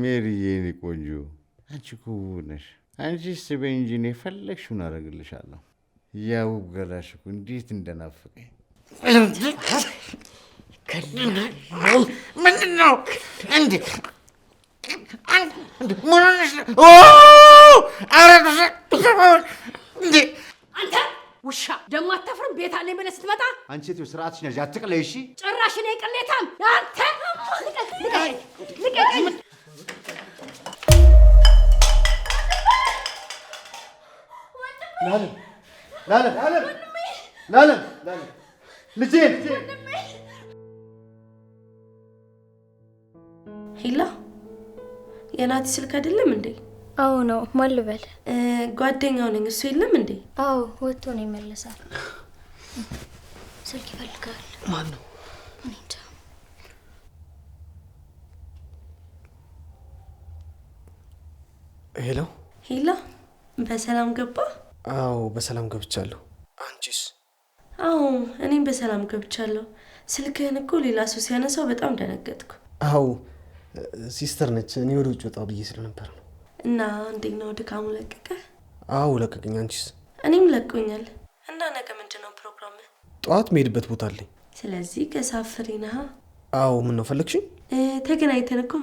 ሜሪዬኔ ቆንጆ አንቺ ውብ ነሽ። አንቺ ስበኝ እንጂ እኔ የፈለግሽውን አደርግልሻለሁ። ያውብ ገላሽ እኮ እንዴት እንደናፍቀኝ። ምንድን ነው እንዴ? አንተ ውሻ ደግሞ አታፍርም? ቤታ ላይ ምን ስትመጣ አንቺ ሴትዮ ስርዓትሽ ነሽ። አትቅለይ። እሺ ጭራሽ እኔ ቅሌታም አንተ ሂላ የናቲ ስልክ አይደለም እንዴ? አዎ ነው። ማን ልበል? ጓደኛው ነኝ። እሱ የለም እንዴ? አዎ ወጥቶ ነው ይመለሳል። ስልክ ይፈልጋል። ማን ነው? ሄሎ ሄሎ፣ በሰላም ገባ? አዎ በሰላም ገብቻለሁ። አንቺስ? አዎ እኔም በሰላም ገብቻለሁ። ስልክህን እኮ ሌላ ሰው ሲያነሳው በጣም ደነገጥኩ። አዎ ሲስተር ነች። እኔ ወደ ውጭ ወጣ ብዬ ስለነበር ነው። እና እንዴት ነው ድካሙ ለቀቀ? አዎ ለቀቀኝ። አንቺስ? እኔም ለቆኛል። እና ነገ ምንድን ነው ፕሮግራም? ጠዋት መሄድበት ቦታ አለኝ። ስለዚህ ከሳፍሪ ነሃ? አዎ ምን ነው ፈለግሽኝ? ተገናኝተን እኮ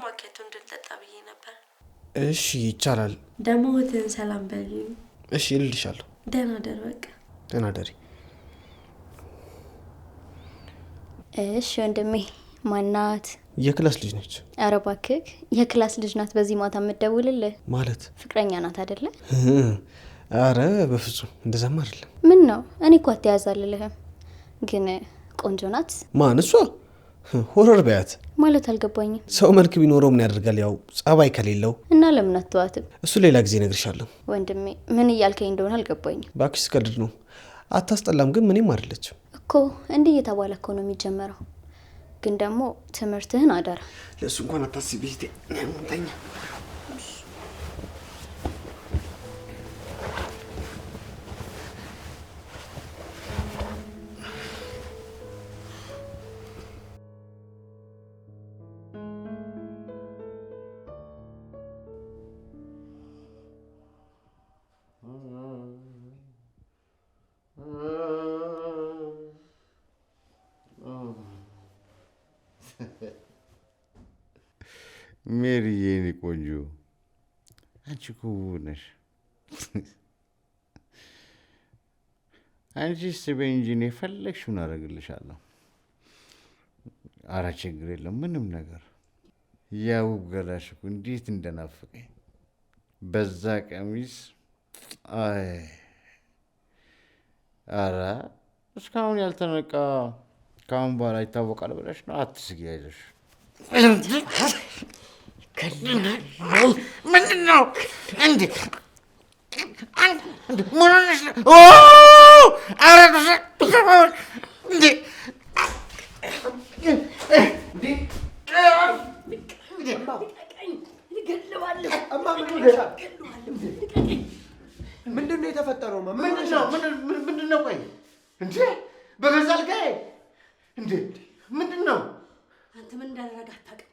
እሺ ይቻላል። ደግሞ እህትህን ሰላም በል። እሺ እልልሻለሁ። ደህና ደር። በቃ ደህና ደሪ። እሺ ወንድሜ ማናት? የክላስ ልጅ ነች። ኧረ እባክህ የክላስ ልጅ ናት በዚህ ማታ የምደውልልህ ማለት ፍቅረኛ ናት አይደለ? አረ በፍጹም እንደዛማ አይደለም። ምን ነው እኔ እኮ አትያዛልልህም፣ ግን ቆንጆ ናት። ማን እሷ? ሆረር በያት ማለት አልገባኝም። ሰው መልክ ቢኖረው ምን ያደርጋል? ያው ጸባይ ከሌለው እና ለምን አትተዋትም? እሱ ሌላ ጊዜ እነግርሻለሁ። ወንድሜ ምን እያልከኝ እንደሆነ አልገባኝም። እባክሽ ስቀልድ ነው። አታስጠላም፣ ግን ምንም አይደለችም እኮ። እንዲህ እየተባለከው ነው የሚጀመረው። ግን ደግሞ ትምህርትህን አደራ። ለእሱ እንኳን አታስቢ። ሜሪ የኔ ቆንጆ አንቺ እኮ ነሽ። አንቺ ስበይ እንጂ እኔ የፈለግሽውን አደርግልሻለሁ። ኧረ ችግር የለም ምንም ነገር። ያውብ ውብ ገላሽ እኮ እንዴት እንደናፍቀኝ በዛ ቀሚስ። አይ ኧረ እስካሁን ያልተነቃ ከአሁን በኋላ ይታወቃል ብለሽ ነው። አትስጊ፣ አይዞሽ። ምንድን ነው ምንድን ነው የተፈጠረው? ምንድን ነው? ቆይ እንዴ! በገዛ አልጋዬ እንዴ ምንድን ነው? አንተ ምን እንዳደረገ አታውቅም።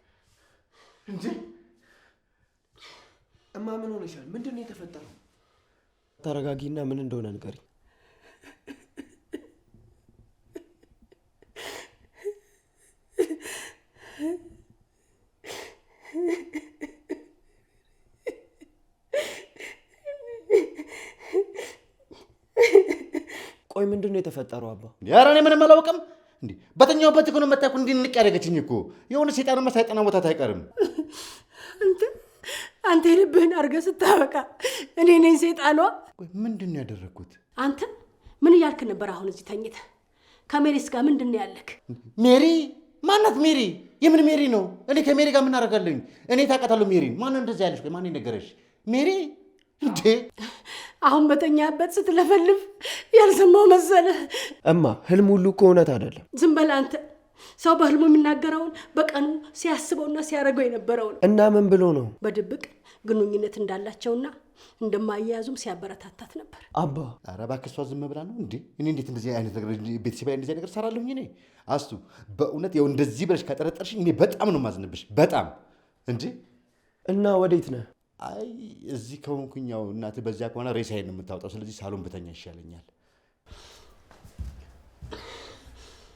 እንዴ እማ ምን ሆነሻል? ምንድን ነው የተፈጠረው? ተረጋጊና ምን እንደሆነ ንገሪ ቆይ ምንድን ነው የተፈጠረው አባ? ኧረ እኔ ምንም አላውቅም። በተኛውበት እኮ ነው መታ እኮ እንዲህ ንቅ ያደረገችኝ እኮ የሆነ ሴጣን ሳይጠና ቦታ አይቀርም። አንተ የልብህን አድርገህ ስታበቃ እኔ ነኝ ሴጣኗ። ምንድን ነው ያደረግኩት? አንተ ምን እያልክ ነበር? አሁን እዚህ ተኝተ ከሜሪስ ጋር ምንድን ነው ያለክ? ሜሪ ማናት? ሜሪ የምን ሜሪ ነው? እኔ ከሜሪ ጋር ምን አደርጋለሁኝ? እኔ ታውቃታለሁ ሜሪን። ማነው እንደዚህ ያለሽ? ማን የነገረሽ? ሜሪ እንዴ አሁን በተኛበት ስትለፈልፍ ያልሰማው መሰለ። እማ ህልም ሁሉ እኮ እውነት አይደለም። ዝም በል አንተ። ሰው በህልሙ የሚናገረውን በቀኑ ሲያስበውና ሲያደርገው የነበረውን እና ምን ብሎ ነው በድብቅ ግንኙነት እንዳላቸውና እንደማያያዙም ሲያበረታታት ነበር። አባ ኧረ እባክህ እሷ ዝም ብላ ነው እንዴ? እኔ እንዴት እንደዚህ አይነት ነገር ቤተሰብ ላይ እንደዚህ ነገር ሰራለሁኝ? እኔ አስቱ በእውነት ው እንደዚህ ብለሽ ከጠረጠርሽኝ እኔ በጣም ነው ማዝንብሽ። በጣም እንጂ እና ወዴት ነህ? አይ እዚህ ከሆንኩኛው እናት በዚያ ከሆነ ሬሳዬን የምታወጣው። ስለዚህ ሳሎን ብተኛ ይሻለኛል።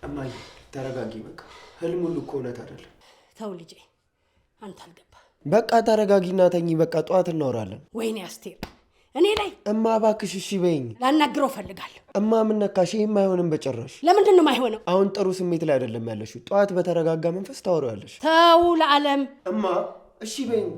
እማዬ ተረጋጊ፣ በቃ ህልም ሁሉ እኮ እውነት አይደለም። ተው ልጄ፣ አንተ አልገባ። በቃ ተረጋጊና ተኚ። በቃ ጠዋት እናወራለን። ወይኔ አስቴር፣ እኔ ላይ እማ እባክሽ፣ እሺ በይኝ። ላናግረው ፈልጋለሁ። እማ ምን ይህም አይሆንም በጭራሽ። ለምንድን ነው የማይሆነው? አሁን ጥሩ ስሜት ላይ አይደለም ያለሽው። ጠዋት በተረጋጋ መንፈስ ታወሪዋለሽ። ተው ለዓለም እማ፣ እሺ በይኝ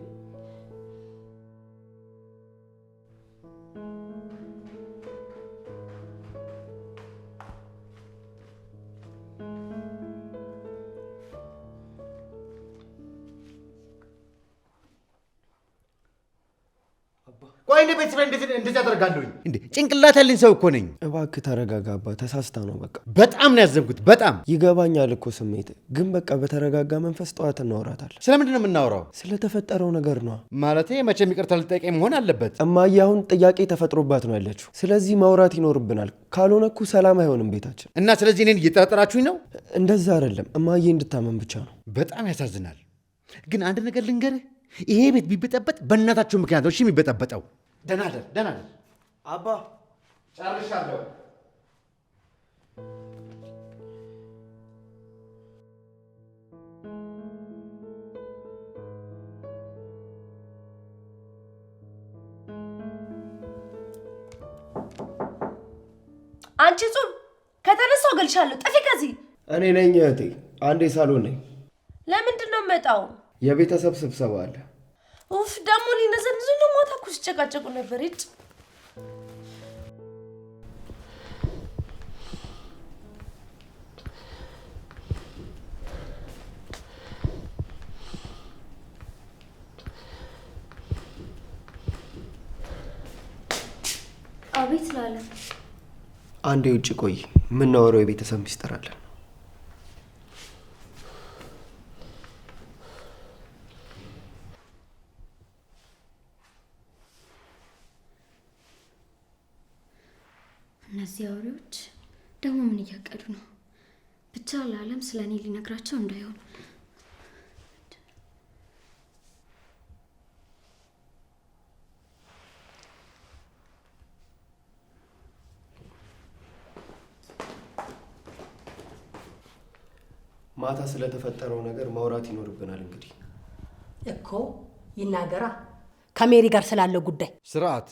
ቤተሰብ እንደዚህ እንዴ? ጭንቅላት ያለኝ ሰው እኮ ነኝ። እባክህ ተረጋጋባ። ተሳስታ ነው በቃ። በጣም ነው ያዘብኩት። በጣም ይገባኛል እኮ ስሜት፣ ግን በቃ በተረጋጋ መንፈስ ጠዋት እናወራታለን። ስለምንድን ነው የምናወራው? ስለተፈጠረው ነገር ነው ማለት። መቼም ይቅርታ ልጠይቅ መሆን አለበት። እማዬ አሁን ጥያቄ ተፈጥሮባት ነው ያለችው። ስለዚህ ማውራት ይኖርብናል። ካልሆነ እኮ ሰላም አይሆንም ቤታችን እና ስለዚህ እኔን እየጠረጠራችሁኝ ነው? እንደዛ አይደለም እማዬ እንድታመን ብቻ ነው። በጣም ያሳዝናል። ግን አንድ ነገር ልንገርህ፣ ይሄ ቤት ቢበጠበጥ በእናታቸው ምክንያት ነው። እሺ የሚበጠበጠው ደህና ደር ደህና ደር አባ ጨርሻለሁ። አንቺ ጹም ከተነሳው ገልሻለሁ። ጥፊ ከዚህ እኔ ነኝ እህቴ። አንዴ ሳሎን ነኝ። ለምንድን ነው የምመጣው? የቤተሰብ ስብሰባ አለ። ኡፍ ደግሞ ሊነዘንዙ ነው። ማታ እኮ ሲጨቃጨቁ ነበር። ይጭ አቤት ላለ አንዴ ውጭ ቆይ፣ የምናወራው የቤተሰብ ሚስጥር አለን። ደግሞ ምን እያቀዱ ነው? ብቻ ለዓለም ስለ እኔ ሊነግራቸው እንዳይሆን ማታ ስለተፈጠረው ነገር ማውራት ይኖርብናል። እንግዲህ እኮ ይናገራ ከሜሪ ጋር ስላለው ጉዳይ ስርዓት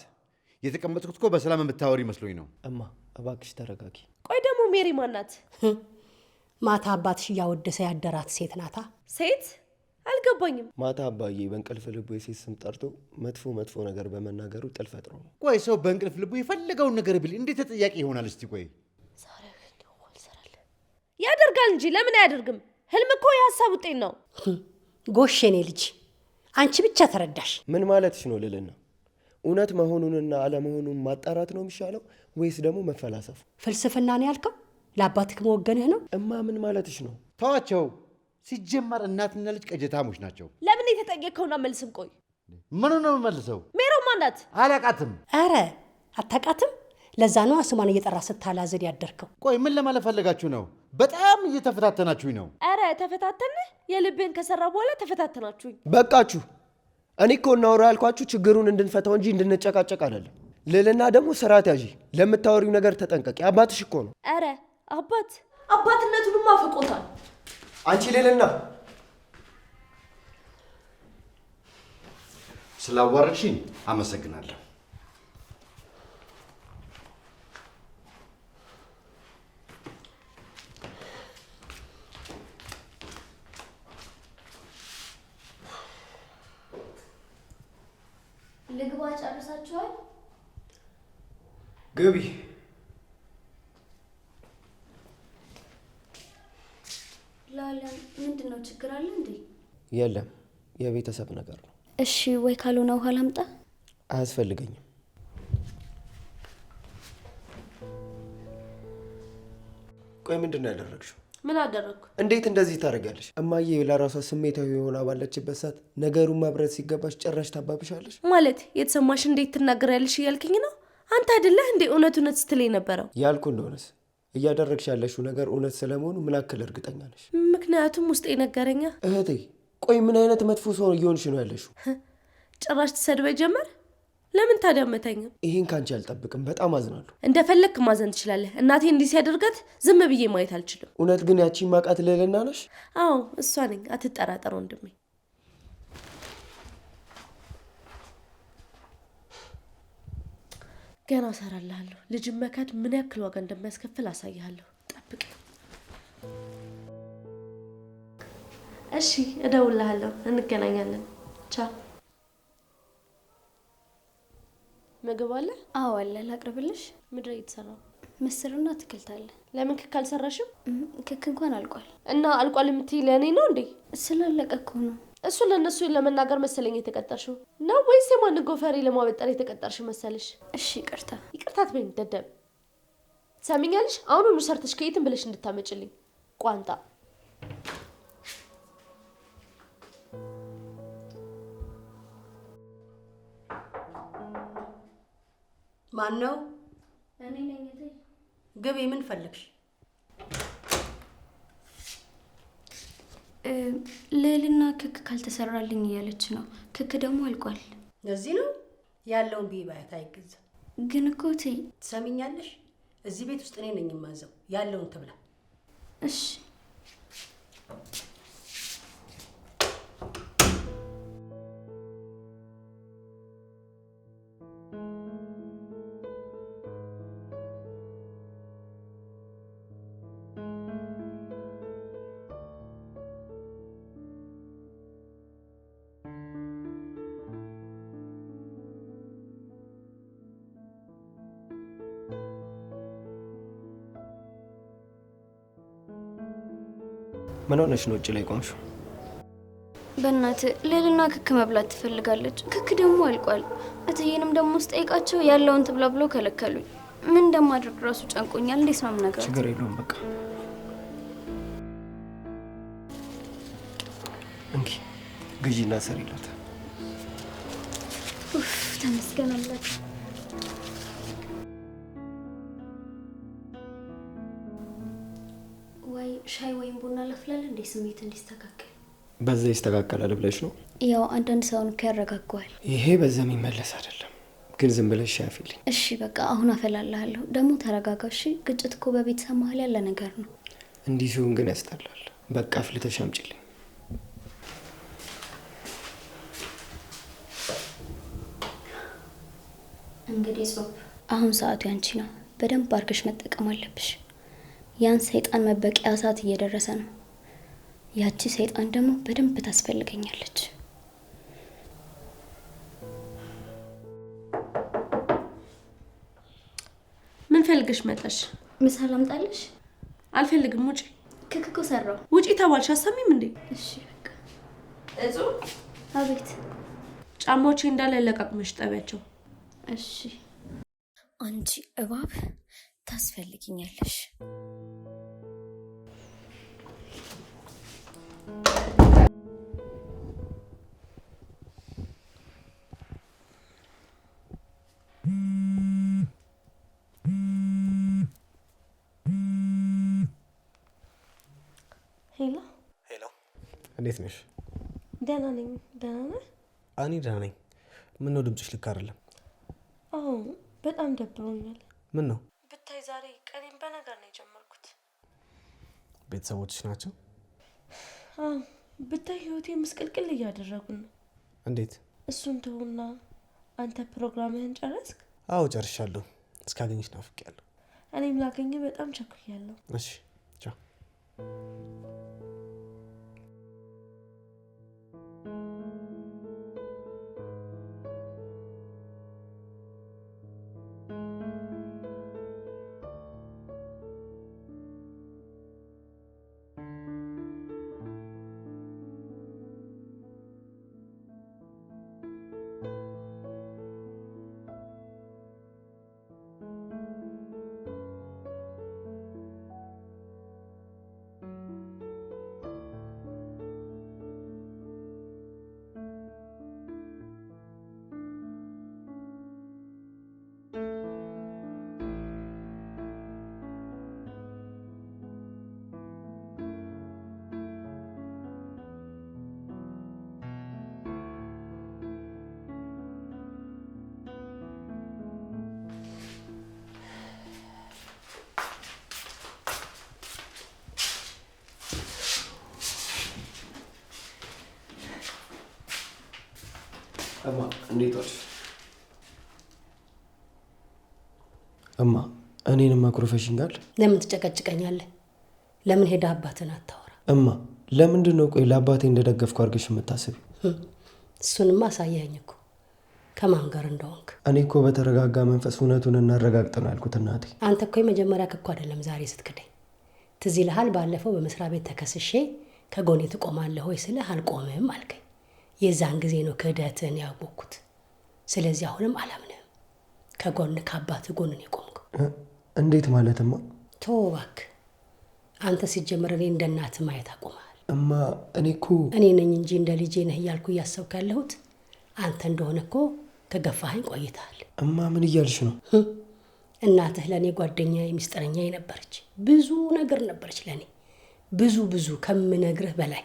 የተቀመጥኩት እኮ በሰላም የምታወሪ መስሎኝ ነው። እማ እባክሽ ተረጋጊ። ቆይ ደግሞ ሜሪ ማናት? ማታ አባትሽ እያወደሰ ያደራት ሴት ናታ። ሴት አልገባኝም። ማታ አባዬ በእንቅልፍ ልቡ የሴት ስም ጠርቶ መጥፎ መጥፎ ነገር በመናገሩ ጥል ፈጥሮ ነው። ቆይ ሰው በእንቅልፍ ልቡ የፈለገውን ነገር ቢል እንዴት ተጠያቂ ይሆናል? እስቲ ቆይ ያደርጋል እንጂ ለምን አያደርግም? ህልም እኮ የሀሳብ ውጤት ነው። ጎሽ የኔ ልጅ አንቺ ብቻ ተረዳሽ። ምን ማለትሽ ነው ልልና እውነት መሆኑንና አለመሆኑን ማጣራት ነው የሚሻለው ወይስ ደግሞ መፈላሰፉ? ፍልስፍና ነው ያልከው? ለአባትህ መወገንህ ነው? እማ ምን ማለትሽ ነው? ተዋቸው። ሲጀመር እናትና ልጅ ቀጀታሞች ናቸው። ለምን የተጠየቅከውን አመልስም? ቆይ ምኑ ነው የምመልሰው? ሜሮ ማናት? አላቃትም። አረ አታቃትም? ለዛ ነው ስሟን እየጠራ ስታላዝድ ያደርከው። ቆይ ምን ለማለት ፈለጋችሁ ነው? በጣም እየተፈታተናችሁኝ ነው። አረ ተፈታተንህ? የልብህን ከሰራ በኋላ ተፈታተናችሁኝ። በቃችሁ። እኔ እኮ እናወራ ያልኳችሁ ችግሩን እንድንፈታው እንጂ እንድንጨቃጨቅ አይደለም። ልልና ደግሞ ስርዓት ያዢ፣ ለምታወሪው ነገር ተጠንቀቂ። አባትሽ እኮ ነው። ኧረ አባት አባትነቱንም አፍቆታል። አንቺ ልልና ስላዋረድሽኝ አመሰግናለሁ። ልግባ። ጨርሳችኋል? ገቢ ለዓለም ምንድን ነው? ችግር አለ እንዴ? የለም፣ የቤተሰብ ነገር ነው። እሺ፣ ወይ ካልሆነ ውሃ ላምጣ። አያስፈልገኝም። ቆይ ምንድን ነው ያደረግሽው? ምን አደረግኩ? እንዴት እንደዚህ ታደርጋለሽ? እማዬ ለራሷ ስሜታዊ የሆነ ባለችበት ሰዓት ነገሩን ማብረት ሲገባሽ ጭራሽ ታባብሻለሽ። ማለት የተሰማሽ እንዴት ትናገሪያለሽ እያልክኝ ነው? አንተ አይደለህ እንዴ እውነት እውነት ስትል የነበረው? ያልኩ እንደሆነስ እያደረግሽ ያለሽው ነገር እውነት ስለመሆኑ ምን አክል እርግጠኛ ነሽ? ምክንያቱም ውስጤ ነገረኛ። እህቴ ቆይ ምን አይነት መጥፎ ሰው እየሆንሽ ነው ያለሽው? ጭራሽ ትሰድበ ጀመር ለምን ታዲያ መታኛም? ይሄን አልጠብቅም። በጣም አዝናለሁ። እንደፈለክ ማዘን ትችላለህ። እናቴ እንዲህ ሲያደርጋት ዝም ብዬ ማየት አልችልም። እውነት ግን ያቺ ማቃት ልዕልና ነሽ? አዎ እሷ ነኝ። አትጠራጠር ወንድሜ። ገና እሰራልሃለሁ። ልጅ መካድ ምን ያክል ዋጋ እንደሚያስከፍል አሳይሃለሁ። ጠብቅ። እሺ፣ እደውልሃለሁ። እንገናኛለን። ቻው ምግብ አለ? አዎ አለ። ላቅርብልሽ? ምድር የተሰራ ምስርና አትክልት አለ። ለምን ክክ አልሰራሽም? ክክ እንኳን አልቋል። እና አልቋል የምትይ ለእኔ ነው እንዴ? ስላለቀ እኮ ነው። እሱ ለእነሱ ለመናገር መሰለኝ የተቀጠርሽው ነው ወይስ የማንን ጎፈሬ ለማበጠር የተቀጠርሽ መሰለሽ? እሺ ይቅርታ። ይቅርታት በይኝ ደደብ። ትሰሚኛለሽ? አሁኑኑ ሰርተሽ ከየትም ብለሽ እንድታመጭልኝ ቋንጣ ማን ነው? እኔ ነኝ። ግቢ። ምን ፈለግሽ? ልዕልና ክክ ካልተሰራልኝ እያለች ነው። ክክ ደግሞ አልቋል። እዚህ ነው ያለውን ብይ ባያት አይገዛም። ግን እኮ እትዬ ትሰሚኛለሽ፣ እዚህ ቤት ውስጥ እኔ ነኝ የማዘው። ያለውን ትብላ እሺ ምን ሆነሽ ነው ውጭ ላይ ቆምሽ? በእናት ሌልና ክክ መብላት ትፈልጋለች። ክክ ደግሞ አልቋል። እትዬንም ደግሞ ስጠይቃቸው ያለውን ትብላ ብሎ ከለከሉኝ። ምን እንደማድረግ ራሱ ጨንቆኛል። እንዴት ነው ነገር? ችግር የለውም በቃ እንኪ ግዢና ሰሪላት። ተመስገናላችሁ። ስሜት እንዲስተካከል በዛ ይስተካከላል ብለሽ ነው? ያው አንዳንድ ሰውን እኮ ያረጋገዋል። ይሄ በዛ የሚመለስ አይደለም፣ ግን ዝም ብለሽ ያፊልኝ። እሺ በቃ አሁን አፈላልሃለሁ። ደግሞ ተረጋጋ እሺ። ግጭት እኮ በቤተሰብ መሀል ያለ ነገር ነው። እንዲህ ሲሆን ግን ያስጠላል። በቃ አፍልተሽ አምጪልኝ። እንግዲህ ጾም አሁን ሰዓቱ ያንቺ ነው። በደንብ አድርገሽ መጠቀም አለብሽ። ያን ሰይጣን መበቂያ ሰዓት እየደረሰ ነው። ያቺ ሰይጣን ደግሞ በደንብ ታስፈልገኛለች። ምን ፈልገሽ መጣሽ? ምሳ ላምጣልሽ? አልፈልግም፣ ውጪ። ክክኮ ሰራው። ውጪ ተባልሽ። አሰሚም እንዴ? እሺ እጹ። አቤት። ጫማዎቼ እንዳለ ለቃቅመሽ ጠቢያቸው። እሺ። አንቺ እባብ ታስፈልግኛለሽ። እንዴት ነሽ? ደህና ነኝ። ደህና ነህ? እኔ ደህና ነኝ። ምነው ድምፅሽ ልክ አይደለም? አዎ በጣም ደብሮኛል። ምን ነው ብታይ፣ ዛሬ ቀኔን በነገር ነው የጀመርኩት። ቤተሰቦችሽ ናቸው? አዎ ብታይ፣ ህይወቴ ምስቅልቅል እያደረጉን ነው። እንዴት? እሱን ተውና አንተ ፕሮግራምህን ጨረስክ? አዎ ጨርሻለሁ። ናፍቅ ናፍቄያለሁ። እኔም ላገኘ በጣም ቸኩያለሁ። እሺ እማ እንዴት ዋልሽ? እማ እኔንማ ጋር ለምን ትጨቀጭቀኛለህ? ለምን ሄደህ አባትን አታወራ? እማ ለምንድን ነው ቆይ ለአባቴ እንደደገፍኩ አድርገሽ የምታስቢው? እሱንማ አሳየኸኝ እኮ ከማን ጋር እንደሆንክ። እኔ እኮ በተረጋጋ መንፈስ እውነቱን እናረጋግጥ ነው ያልኩት እናቴ። አንተ እኮ የመጀመሪያ ክኮ አይደለም ዛሬ ስትክደኝ። ትዝ ይልሃል፣ ባለፈው በመስሪያ ቤት ተከስሼ ከጎኔ ትቆማለህ ወይ ስልህ አልቆምህም አልከኝ። የዛን ጊዜ ነው ክህደትን ያወቅኩት። ስለዚህ አሁንም አላምንም። ከጎን ከአባት ጎንን የቆምኩ እንዴት ማለትማ? ተወው እባክህ አንተ። ሲጀምር እኔ እንደ እናት ማየት አቁመሃል። እማ እኔ እኮ እኔ ነኝ እንጂ እንደ ልጄ ነህ እያልኩ እያሰብክ ያለሁት አንተ እንደሆነ እኮ ከገፋኸኝ ቆይተሃል። እማ ምን እያልሽ ነው? እናትህ ለእኔ ጓደኛ የሚስጥረኛ ነበረች። ብዙ ነገር ነበረች ለእኔ ብዙ ብዙ ከምነግርህ በላይ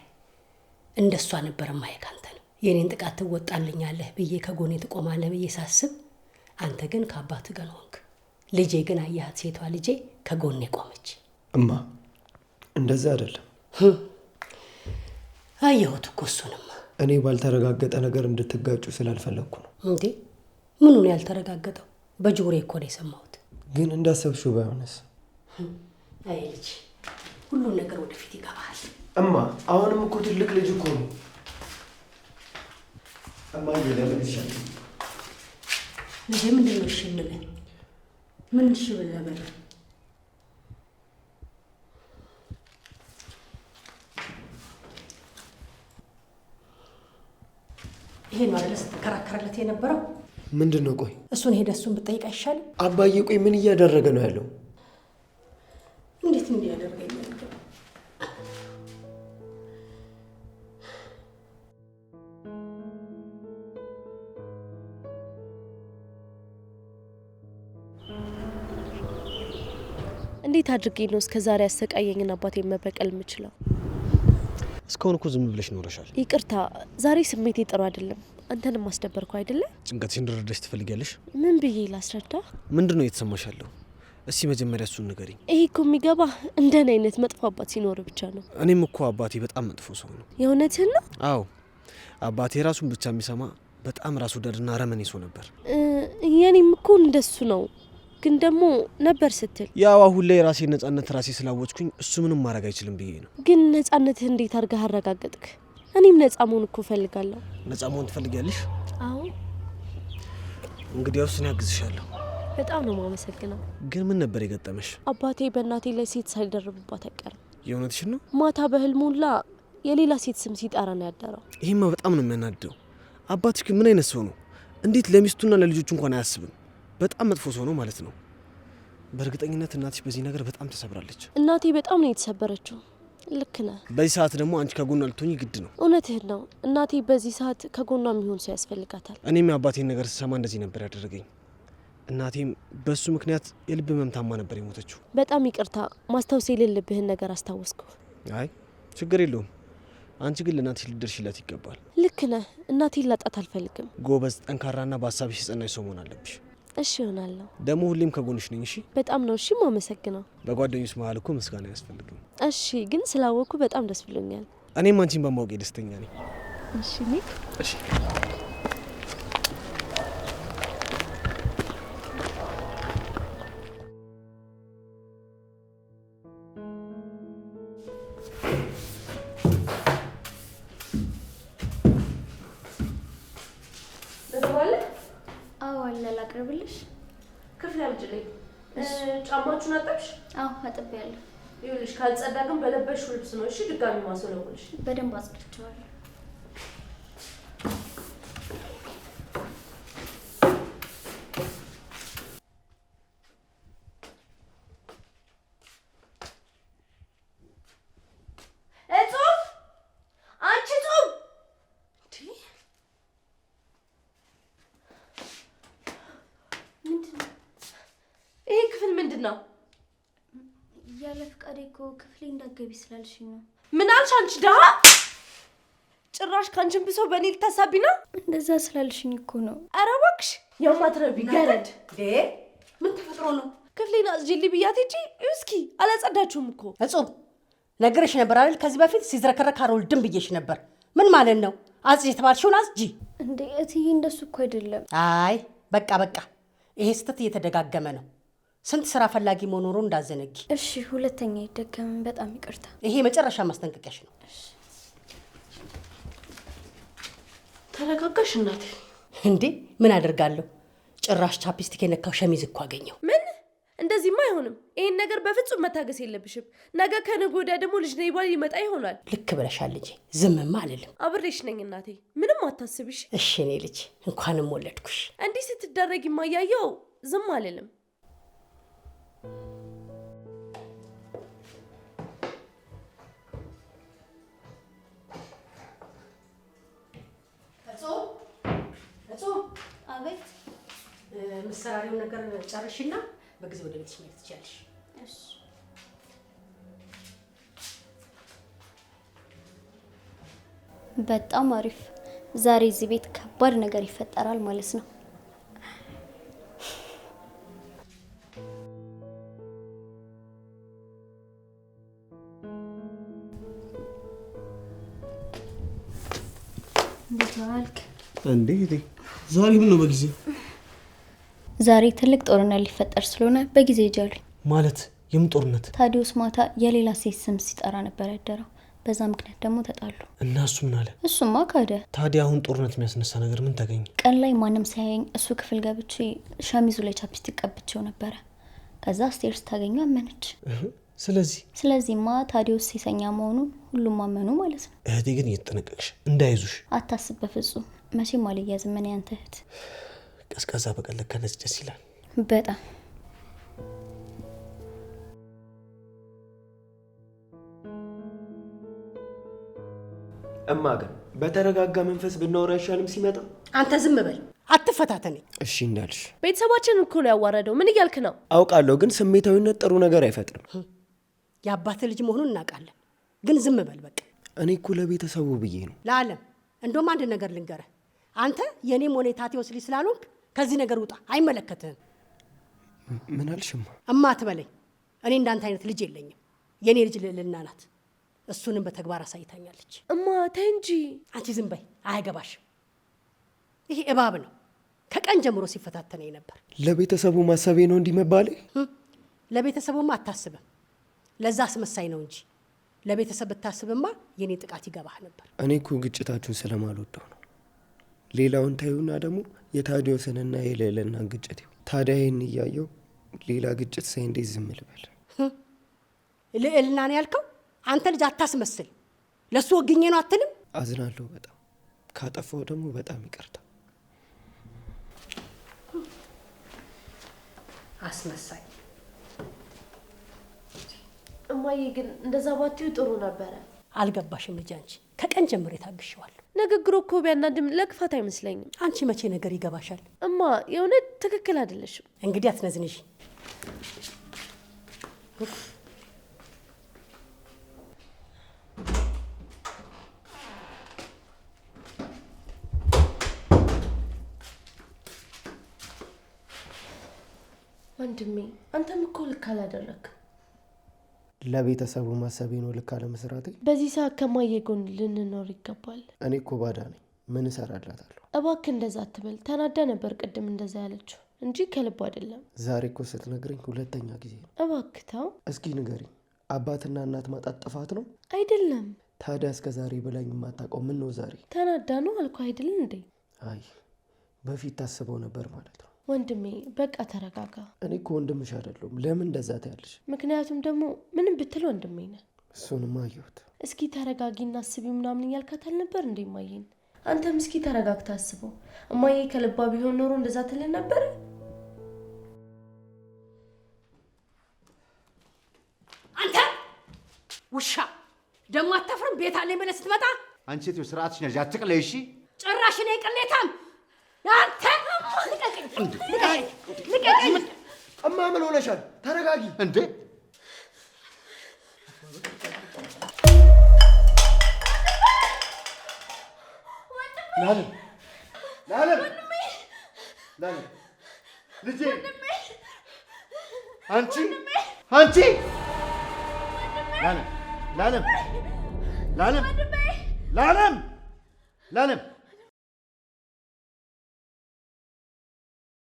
እንደሷ ነበር ማየካል የእኔን ጥቃት ትወጣልኛለህ ብዬ ከጎኔ ትቆማለህ ብዬ ሳስብ፣ አንተ ግን ከአባት ገን ሆንክ። ልጄ ግን አያት ሴቷ ልጄ ከጎኔ ቆመች። እማ እንደዚህ አይደለም። አየሁት እኮ እሱንማ። እኔ ባልተረጋገጠ ነገር እንድትጋጩ ስላልፈለግኩ ነው። እንዴ ምኑን ያልተረጋገጠው? በጆሬ እኮ ነው የሰማሁት። ግን እንዳሰብሽው ባይሆንስ? አይ ልጅ፣ ሁሉን ነገር ወደፊት ይገባል። እማ አሁንም እኮ ትልቅ ልጅ እኮ ነው እማዬ ለምን ይሻል እንዴ? ምንድን ነው እሺ እንበል? ምን እሺ ብለህ በለው። ይሄን ነው አይደል ስትከራከርለት የነበረው? ምንድን ነው? ቆይ እሱን ሄደህ እሱን ብትጠይቅ አይሻልም? አባዬ፣ ቆይ ምን እያደረገ ነው ያለው? እንዴት እንዲ እንዴት አድርጌ ነው እስከዛሬ ያሰቃየኝን አባቴ መበቀል የምችለው? እስካሁን እኮ ዝም ብለሽ ኖረሻል። ይቅርታ፣ ዛሬ ስሜቴ ጥሩ አይደለም። አንተንም አስደበርኩ አይደለም። ጭንቀት ልረዳሽ ትፈልጊያለሽ? ምን ብዬ ላስረዳ? ምንድን ነው የተሰማሽ ያለው? እስቲ መጀመሪያ እሱን ንገሪኝ። ይሄ እኮ የሚገባ እንደን አይነት መጥፎ አባት ሲኖር ብቻ ነው። እኔም እኮ አባቴ በጣም መጥፎ ሰው ነው። የእውነትህን ነው? አዎ፣ አባቴ ራሱን ብቻ የሚሰማ በጣም ራስ ወዳድና ረመኔ ሰው ነበር። የኔም እኮ እንደሱ ነው። ግን ደግሞ ነበር ስትል ያው አሁን ላይ የራሴ ነጻነት ራሴ ስላወጭኩኝ እሱ ምንም ማድረግ አይችልም ብዬ ነው። ግን ነጻነትህ እንዴት አድርገህ አረጋገጥክ? እኔም ነጻ መሆን እኮ እፈልጋለሁ። ነጻ መሆን ትፈልጊያለሽ? አዎ። እንግዲያውስ እኔ አግዝሻለሁ። በጣም ነው የማመሰግነው ግን ምን ነበር የገጠመሽ? አባቴ በእናቴ ላይ ሴት ሳይደርብባት አይቀርም። የእውነትሽን ነው? ማታ ሞላ የሌላ ሴት ስም ሲጠራ ነው ያደረው። ይህማ በጣም ነው የሚያናድደው። አባትሽ ግን ምን አይነት ሰው ነው? እንዴት ለሚስቱና ለልጆቹ እንኳን አያስብም? በጣም መጥፎ ሰው ነው ማለት ነው። በእርግጠኝነት እናትሽ በዚህ ነገር በጣም ተሰብራለች። እናቴ በጣም ነው የተሰበረችው። ልክ ነህ። በዚህ ሰዓት ደግሞ አንቺ ከጎኗ ልትሆኝ ግድ ነው። እውነትህን ነው። እናቴ በዚህ ሰዓት ከጎኗ የሚሆን ሰው ያስፈልጋታል። እኔም የአባቴን ነገር ስሰማ እንደዚህ ነበር ያደረገኝ። እናቴም በእሱ ምክንያት የልብ መምታማ ነበር የሞተችው። በጣም ይቅርታ፣ ማስታወስ የሌለብህን ነገር አስታወስኩ። አይ ችግር የለውም። አንቺ ግን ለእናትሽ ልደርሽላት ይገባል። ልክ ነህ። እናቴን ላጣት አልፈልግም። ጎበዝ፣ ጠንካራና በሀሳብሽ የጸናሽ ሰው መሆን አለብሽ። እሺ ይሆናለሁ። ደግሞ ሁሌም ከጎንሽ ነኝ። እሺ በጣም ነው። እሺ ማመሰግነው። በጓደኞች መሀል እኮ ምስጋና አያስፈልግም። እሺ ግን ስላወቅኩ በጣም ደስ ብሎኛል። እኔም አንቺን በማወቄ ደስተኛ ነኝ። እሺ እሺ ማስወለወልሽ? በደንብ አጽድቼዋለሁ። ምንድን ነው ያለ ፍቃዴ እኮ ክፍሌ እንዳትገቢ ስላልሽኝ ነው። ምን አልሽ አንቺ ደሃ? ጭራሽ ከአንቺን ብሶ በእኔ ልታሳቢ ነው? እንደዛ ስላልሽኝ እኮ ነው። ኧረ እባክሽ የማትረቢ ገረድ! ምን ተፈጥሮ ነው? ክፍሌን አጽጂልኝ ብያት ሂጂ እስኪ አላጸዳችሁም እኮ። እጹብ ነግሬሽ ነበር አይደል? ከዚህ በፊት ሲዝረከረክ አልወልድም ብዬሽ ነበር። ምን ማለት ነው? አጽጅ የተባልሽውን አጽጂ እንዴ! እትዬ እንደሱ እኮ አይደለም። አይ በቃ በቃ፣ ይሄ ስህተት እየተደጋገመ ነው። ስንት ስራ ፈላጊ መኖሩ እንዳዘነጊ። እሺ፣ ሁለተኛ ይደገም። በጣም ይቅርታ። ይሄ የመጨረሻ ማስጠንቀቂያሽ ነው። ተረጋጋሽ እናቴ። እንዴ ምን አደርጋለሁ? ጭራሽ ቻፕስቲክ የነካው ሸሚዝ እኮ አገኘው። ምን እንደዚህማ አይሆንም። ይህን ነገር በፍጹም መታገስ የለብሽም። ነገ ከነገ ወዲያ ደግሞ ልጅ ነ ይባል ይመጣ ይሆናል። ልክ ብለሻል ልጄ፣ ዝምማ አልልም። አብሬሽ ነኝ እናቴ፣ ምንም አታስብሽ። እሺ እኔ ልጅ፣ እንኳንም ወለድኩሽ። እንዲህ ስትደረግ የማያየው ዝም አልልም። ቤት የምትሰራሪውን ነገር ጨርሽና በጊዜ ወደ ቤትሽ መሄድ ትችያለሽ። በጣም አሪፍ። ዛሬ እዚህ ቤት ከባድ ነገር ይፈጠራል ማለት ነው። እንዴት ዋልክ? እንዴት ዛሬ ምን ነው በጊዜ ዛሬ ትልቅ ጦርነት ሊፈጠር ስለሆነ በጊዜ ጃሉ ማለት የምን ጦርነት? ታዲዮስ ማታ የሌላ ሴት ስም ሲጠራ ነበር ያደረው። በዛ ምክንያት ደግሞ ተጣሉ እና እሱ ምን አለ? እሱማ ካደ። ታዲያ አሁን ጦርነት የሚያስነሳ ነገር ምን ተገኘ? ቀን ላይ ማንም ሳያየኝ እሱ ክፍል ገብቼ ሸሚዙ ላይ ቻፕስቲክ ቀብቼው ነበረ። ከዛ ስቴር ስታገኘ አመነች። ስለዚህ ስለዚህማ ታዲዮስ ሴሰኛ መሆኑን ሁሉም አመኑ ማለት ነው። እህቴ ግን እየተጠነቀቅሽ እንዳይዙሽ። አታስብ በፍጹም መቼም አልያዝም። እኔ ያንተ እህት ቀዝቃዛ በቀለግ ደስ ይላል በጣም እማ ግን በተረጋጋ መንፈስ ብናወራ አይሻልም? ሲመጣ አንተ ዝም በል አትፈታተኝ። እሺ እንዳልሽ። ቤተሰባችን እኮ ነው ያዋረደው። ምን እያልክ ነው? አውቃለሁ፣ ግን ስሜታዊነት ጥሩ ነገር አይፈጥርም። የአባት ልጅ መሆኑን እናውቃለን፣ ግን ዝም በል በቃ። እኔ እኮ ለቤተሰቡ ብዬ ነው ለዓለም። እንደውም አንድ ነገር ልንገረህ፣ አንተ የኔ ሆነ የታቴ ወስሊ ስላልሆንክ ከዚህ ነገር ውጣ፣ አይመለከትህም። ምን አልሽም? እማት በለኝ። እኔ እንዳንተ አይነት ልጅ የለኝም። የእኔ ልጅ ልዕልና ናት። እሱንም በተግባር አሳይታኛለች። እማ ተይ እንጂ አንቺ ዝም በይ፣ አያገባሽም። ይሄ እባብ ነው። ከቀን ጀምሮ ሲፈታተነኝ ነበር። ለቤተሰቡ ማሰቤ ነው እንዲህ መባሌ። ለቤተሰቡማ አታስብም። ለዛ አስመሳይ ነው እንጂ ለቤተሰብ ብታስብማ የእኔ ጥቃት ይገባህ ነበር። እኔ እኮ ግጭታችሁን ስለማልወደው ነው። ሌላውን ታዩና ደግሞ የታዲዮስንና የልዕልና ግጭት ይሁ ታዲያ ይህን እያየው ሌላ ግጭት ሰይ እንዴት ዝም ልበል? ልዕልና ያልከው? አንተ ልጅ አታስመስል። ለእሱ ወግኜ ነው አትልም? አዝናለሁ በጣም ካጠፋው ደግሞ በጣም ይቅርታ። አስመሳይ እማዬ፣ ግን እንደዛ ባትዩ ጥሩ ነበረ። አልገባሽም ልጅ አንቺ ከቀን ጀምሮ የታግሸዋል። ንግግሩ እኮ ቢያናድም ለክፋት አይመስለኝም። አንቺ መቼ ነገር ይገባሻል? እማ የእውነት ትክክል አይደለሽም። እንግዲህ አትነዝንሽ። ወንድሜ አንተም እኮ ልክ አላደረግ ለቤተሰቡ ማሰቤ ነው ልክ አለመስራቴ። በዚህ ሰዓት ከማየ ጎን ልንኖር ይገባል። እኔ እኮ ባዳ ነኝ፣ ምን እሰራላታለሁ? እባክህ እንደዛ አትበል። ተናዳ ነበር ቅድም እንደዛ ያለችው እንጂ ከልቡ አይደለም። ዛሬ እኮ ስትነግረኝ ሁለተኛ ጊዜ ነው። እባክህ ተው። እስኪ ንገሪኝ፣ አባትና እናት ማጣት ጥፋት ነው? አይደለም። ታዲያ እስከ ዛሬ ብላኝ የማታውቀው ምን ነው? ዛሬ ተናዳ ነው አልኩ አይደል እንዴ? አይ በፊት ታስበው ነበር ማለት ነው። ወንድሜ በቃ ተረጋጋ። እኔ እኮ ወንድምሽ አይደለሁም። ለምን እንደዛ ትያለሽ? ምክንያቱም ደግሞ ምንም ብትል ወንድሜ ነህ። እሱንማ አየሁት። እስኪ ተረጋጊ እና አስቢ ምናምን እያልካት አልነበር እንዴ እማዬን? አንተም እስኪ ተረጋግታ አስበው። እማዬ ከልባ ቢሆን ኖሮ እንደዛ ትልን ነበር? አንተ ውሻ ደግሞ አታፍርም? ቤት አለኝ ብለህ ስትመጣ አንቺ ሴትዮ ስርዓትሽ ነሽ። አትቅለይ። እሺ ጭራሽ እኔ ቅሌታም እማ ምን ሆነሻል? ተረጋጊ እንዴ! አንቺ